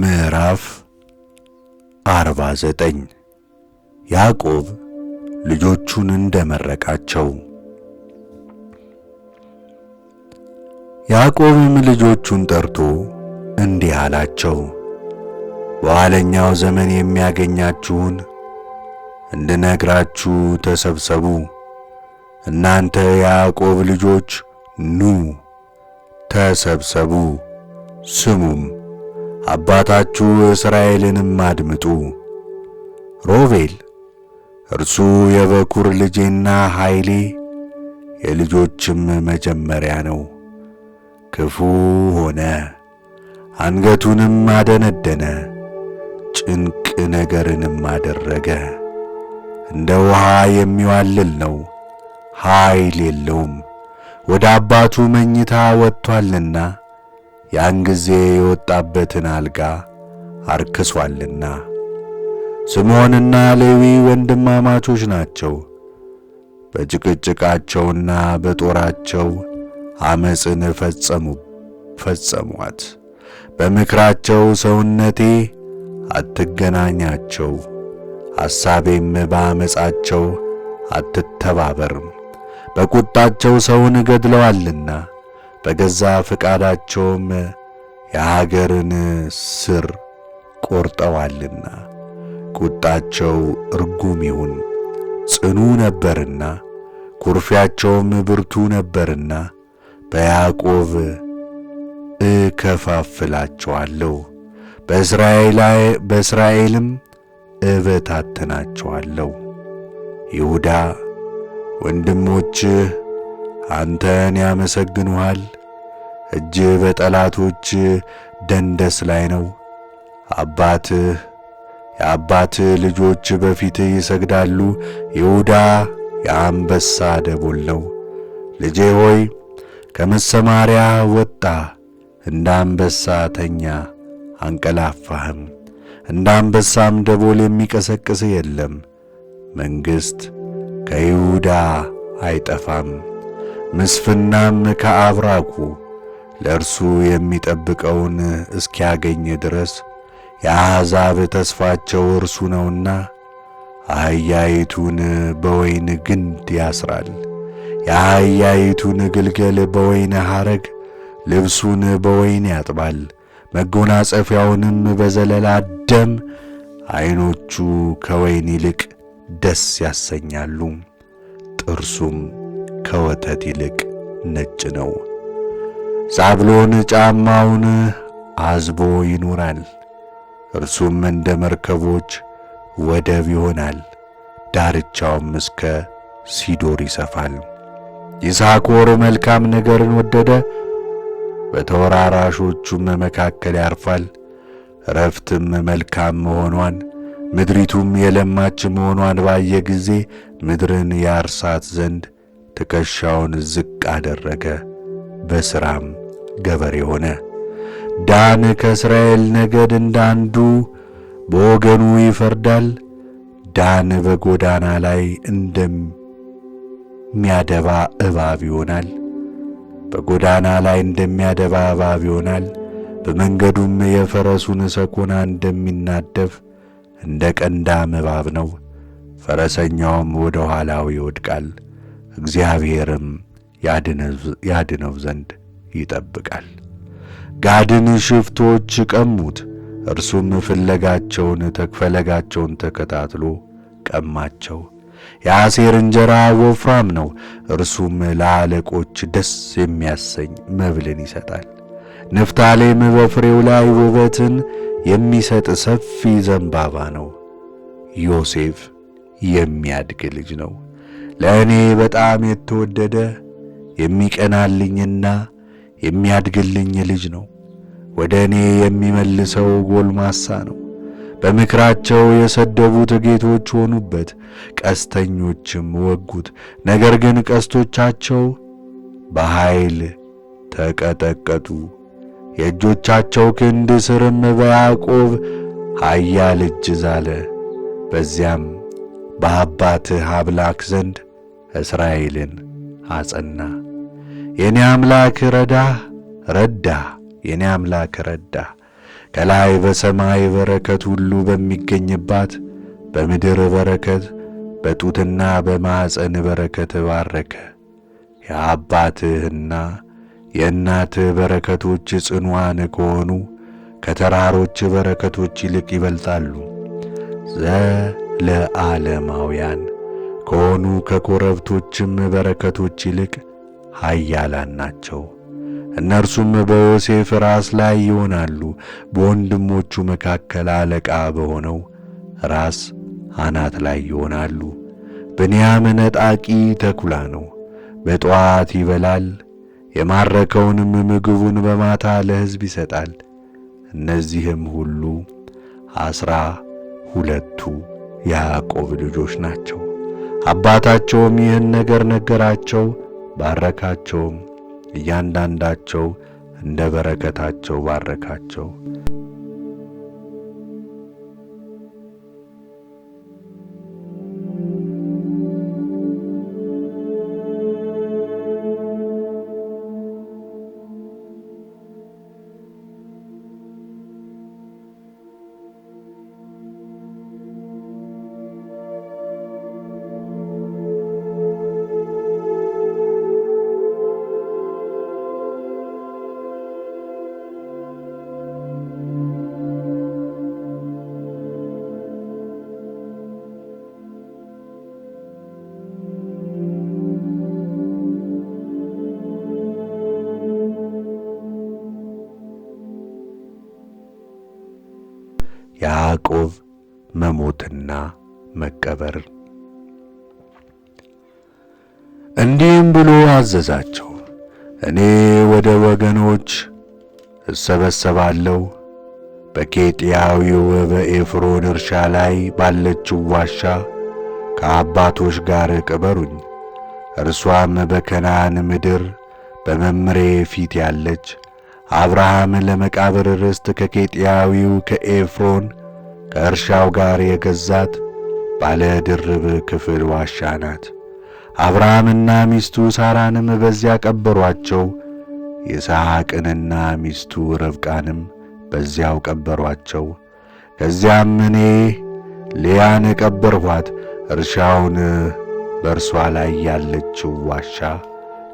ምዕራፍ 49 ያዕቆብ ልጆቹን እንደመረቃቸው። ያዕቆብም ልጆቹን ጠርቶ እንዲህ አላቸው፣ በኋለኛው ዘመን የሚያገኛችሁን እንድነግራችሁ ተሰብሰቡ። እናንተ ያዕቆብ ልጆች ኑ ተሰብሰቡ፣ ስሙም አባታችሁ እስራኤልንም አድምጡ። ሮቤል እርሱ የበኩር ልጄና ኃይሌ የልጆችም መጀመሪያ ነው። ክፉ ሆነ፣ አንገቱንም አደነደነ፣ ጭንቅ ነገርንም አደረገ። እንደ ውሃ የሚዋልል ነው፣ ኃይል የለውም፣ ወደ አባቱ መኝታ ወጥቷልና ያን ጊዜ የወጣበትን አልጋ አርክሷልና። ስምዖንና ሌዊ ወንድማማቾች ናቸው። በጭቅጭቃቸውና በጦራቸው አመፅን ፈጸሙ ፈጸሟት። በምክራቸው ሰውነቴ አትገናኛቸው፣ ሐሳቤም በአመፃቸው አትተባበርም በቁጣቸው ሰውን ገድለዋልና በገዛ ፈቃዳቸውም የሀገርን ስር ቆርጠዋልና ቁጣቸው ርጉም ይሁን ጽኑ ነበርና ኩርፊያቸውም ብርቱ ነበርና በያዕቆብ እከፋፍላቸዋለሁ በእስራኤልም እበታትናቸዋለሁ። ይሁዳ ወንድሞችህ አንተን ያመሰግኑሃል። እጅ በጠላቶች ደንደስ ላይ ነው። አባትህ የአባትህ ልጆች በፊትህ ይሰግዳሉ። ይሁዳ የአንበሳ ደቦል ነው። ልጄ ሆይ ከመሰማሪያ ወጣ፣ እንደ አንበሳ ተኛ አንቀላፋህም። እንደ አንበሳም ደቦል የሚቀሰቅስ የለም። መንግሥት ከይሁዳ አይጠፋም። ምስፍናም ከአብራኩ ለእርሱ የሚጠብቀውን እስኪያገኝ ድረስ የአሕዛብ ተስፋቸው እርሱ ነውና አህያይቱን በወይን ግንድ ያስራል። የአህያይቱን ግልገል በወይን ሐረግ፣ ልብሱን በወይን ያጥባል፣ መጎናጸፊያውንም በዘለላ ደም። ዐይኖቹ ከወይን ይልቅ ደስ ያሰኛሉ፣ ጥርሱም ከወተት ይልቅ ነጭ ነው። ዛብሎን ጫማውን አዝቦ ይኖራል፣ እርሱም እንደ መርከቦች ወደብ ይሆናል፣ ዳርቻውም እስከ ሲዶር ይሰፋል። ይሳኮር መልካም ነገርን ወደደ፣ በተወራራሾቹም መካከል ያርፋል። ረፍትም መልካም መሆኗን ምድሪቱም የለማች መሆኗን ባየ ጊዜ ምድርን ያርሳት ዘንድ ትከሻውን ዝቅ አደረገ፣ በሥራም ገበሬ ሆነ። ዳን ከእስራኤል ነገድ እንደ አንዱ በወገኑ ይፈርዳል። ዳን በጎዳና ላይ እንደሚያደባ እባብ ይሆናል። በጎዳና ላይ እንደሚያደባ እባብ ይሆናል። በመንገዱም የፈረሱን ሰኮና እንደሚናደፍ እንደ ቀንዳም እባብ ነው። ፈረሰኛውም ወደ ኋላው ይወድቃል። እግዚአብሔርም ያድነው ዘንድ ይጠብቃል። ጋድን ሽፍቶች ቀሙት፣ እርሱም ፍለጋቸውን ተክፈለጋቸውን ተከታትሎ ቀማቸው። የአሴር እንጀራ ወፍራም ነው፣ እርሱም ለአለቆች ደስ የሚያሰኝ መብልን ይሰጣል። ንፍታሌም በፍሬው ላይ ውበትን የሚሰጥ ሰፊ ዘንባባ ነው። ዮሴፍ የሚያድግ ልጅ ነው። ለእኔ በጣም የተወደደ የሚቀናልኝና የሚያድግልኝ ልጅ ነው። ወደ እኔ የሚመልሰው ጎልማሳ ነው። በምክራቸው የሰደቡት ጌቶች ሆኑበት፣ ቀስተኞችም ወጉት። ነገር ግን ቀስቶቻቸው በኃይል ተቀጠቀጡ። የእጆቻቸው ክንድ ስርም በያዕቆብ ኃያል እጅ ዛለ። በዚያም በአባትህ አምላክ ዘንድ እስራኤልን አጸና። የኔ አምላክ ረዳ ረዳ የኔ አምላክ ረዳ። ከላይ በሰማይ በረከት ሁሉ በሚገኝባት በምድር በረከት በጡትና በማኅፀን በረከት ባረከ። የአባትህና የእናትህ በረከቶች ጽኑዓን ከሆኑ ከተራሮች በረከቶች ይልቅ ይበልጣሉ። ዘለዓለማውያን ከሆኑ ከኮረብቶችም በረከቶች ይልቅ ኃያላን ናቸው። እነርሱም በዮሴፍ ራስ ላይ ይሆናሉ፣ በወንድሞቹ መካከል አለቃ በሆነው ራስ አናት ላይ ይሆናሉ። ብንያም ነጣቂ ተኩላ ነው። በጠዋት ይበላል፣ የማረከውንም ምግቡን በማታ ለሕዝብ ይሰጣል። እነዚህም ሁሉ አስራ ሁለቱ የያዕቆብ ልጆች ናቸው። አባታቸውም ይህን ነገር ነገራቸው፣ ባረካቸውም። እያንዳንዳቸው እንደ በረከታቸው ባረካቸው። ያዕቆብ መሞትና መቀበር። እንዲህም ብሎ አዘዛቸው፣ እኔ ወደ ወገኖች እሰበሰባለሁ በኬጥያዊው በኤፍሮን እርሻ ላይ ባለችው ዋሻ ከአባቶች ጋር ቅበሩኝ። እርሷም በከናን ምድር በመምሬ ፊት ያለች አብርሃም ለመቃብር ርስት ከኬጥያዊው ከኤፍሮን ከእርሻው ጋር የገዛት ባለ ድርብ ክፍል ዋሻ ናት። አብርሃምና ሚስቱ ሳራንም በዚያ ቀበሯቸው። ይስሐቅንና ሚስቱ ርብቃንም በዚያው ቀበሯቸው። ከዚያም እኔ ሊያን ቀበርኋት። እርሻውን በእርሷ ላይ ያለችው ዋሻ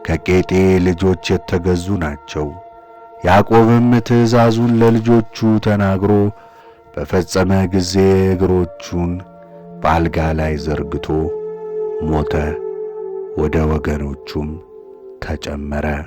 ከቄጤ ልጆች የተገዙ ናቸው። ያዕቆብም ትእዛዙን ለልጆቹ ተናግሮ በፈጸመ ጊዜ እግሮቹን በአልጋ ላይ ዘርግቶ ሞተ፣ ወደ ወገኖቹም ተጨመረ።